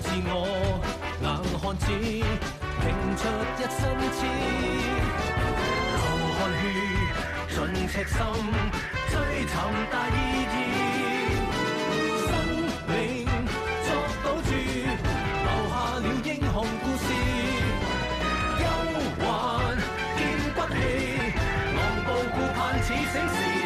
自我硬漢子拼出一身痴，流汗血盡赤心，追尋大意義，生命作賭注，留下了英雄故事，憂患見骨氣，昂步顧盼似醒獅。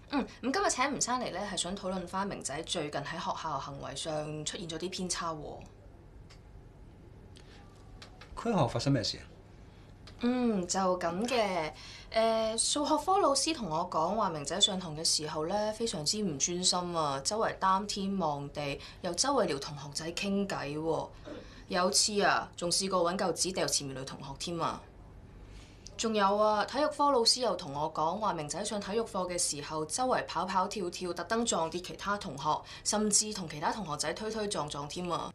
嗯，咁今日請吳生嚟咧，係想討論翻明仔最近喺學校行為上出現咗啲偏差喎。區學發生咩事啊？嗯，就咁嘅。誒、呃，數學科老師同我講話，明仔上堂嘅時候咧，非常之唔專心啊，周圍擔天望地，又周圍撩同學仔傾偈喎。有次啊，仲試過揾嚿紙掉前面女同學添啊。仲有啊，體育科老師又同我講話，明仔上體育課嘅時候，周圍跑跑跳跳，特登撞跌其他同學，甚至同其他同學仔推推撞撞添啊！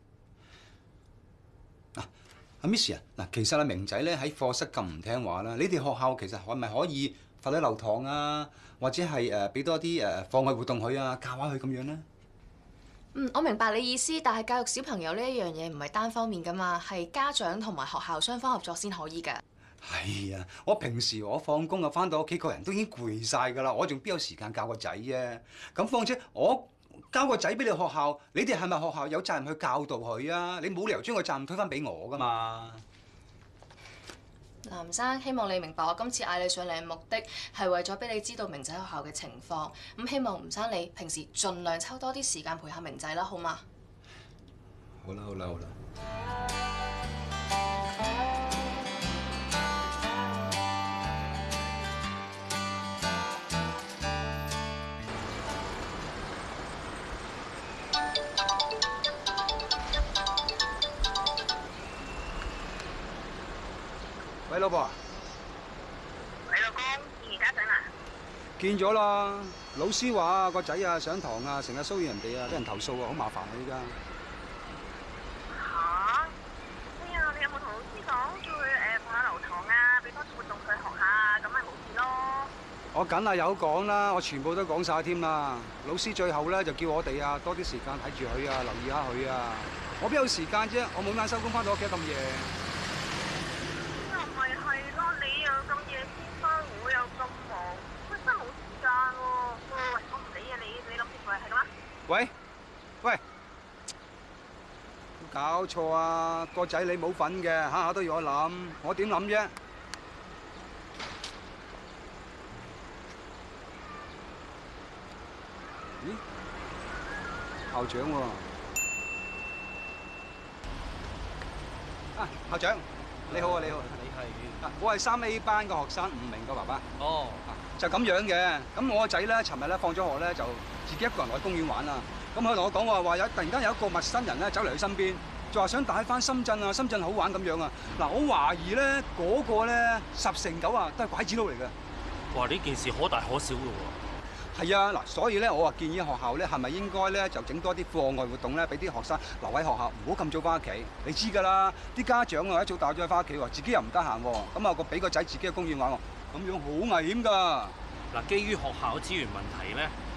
嗱，阿 Miss 啊，嗱，其實阿明仔咧喺課室咁唔聽話啦，你哋學校其實可唔可以罰佢留堂啊？或者係誒俾多啲誒課外活動佢啊，教下佢咁樣咧？嗯，我明白你意思，但係教育小朋友呢一樣嘢唔係單方面㗎嘛，係家長同埋學校雙方合作先可以㗎。係啊、哎！我平時我放工啊，翻到屋企個人都已經攰晒噶啦，我仲邊有時間教個仔啫？咁況且我交個仔俾你學校，你哋係咪學校有責任去教導佢啊？你冇理由將個責任推返俾我噶嘛？吳生，希望你明白，我今次嗌你上嚟嘅目的係為咗俾你知道明仔學校嘅情況。咁希望吳生你平時盡量抽多啲時間陪下明仔啦，好嘛？好啦，好啦，好啦。喂，你老公而家上啦？見咗啦，老師話個仔啊上堂啊成日騷擾人哋啊，俾人投訴啊，好麻煩啊依家。吓，哎呀，你有冇同老師講，叫佢誒放下留堂啊，俾多啲活動佢學下啊，咁咪冇事咯？我梗係有講啦，我全部都講晒添啊！老師最後咧就叫我哋啊多啲時間睇住佢啊，留意下佢啊。我邊有時間啫？我冇眼收工翻到屋企咁夜。喂？喂？喂？自己一個人落公園玩啦，咁佢同我講話話有突然間有一個陌生人咧走嚟佢身邊，就話想帶翻深圳啊，深圳好玩咁樣啊，嗱我懷疑咧嗰個咧十成九啊都係拐子佬嚟嘅。哇！呢件事可大可小嘅喎。係啊，嗱，所以咧我話建議學校咧係咪應該咧就整多啲課外活動咧俾啲學生留喺學校，唔好咁早翻屋企。你知㗎啦，啲家長啊一早帶咗翻屋企喎，自己又唔得閒喎，咁啊個畀個仔自己去公園玩喎，咁樣好危險㗎。嗱，基於學校資源問題咧。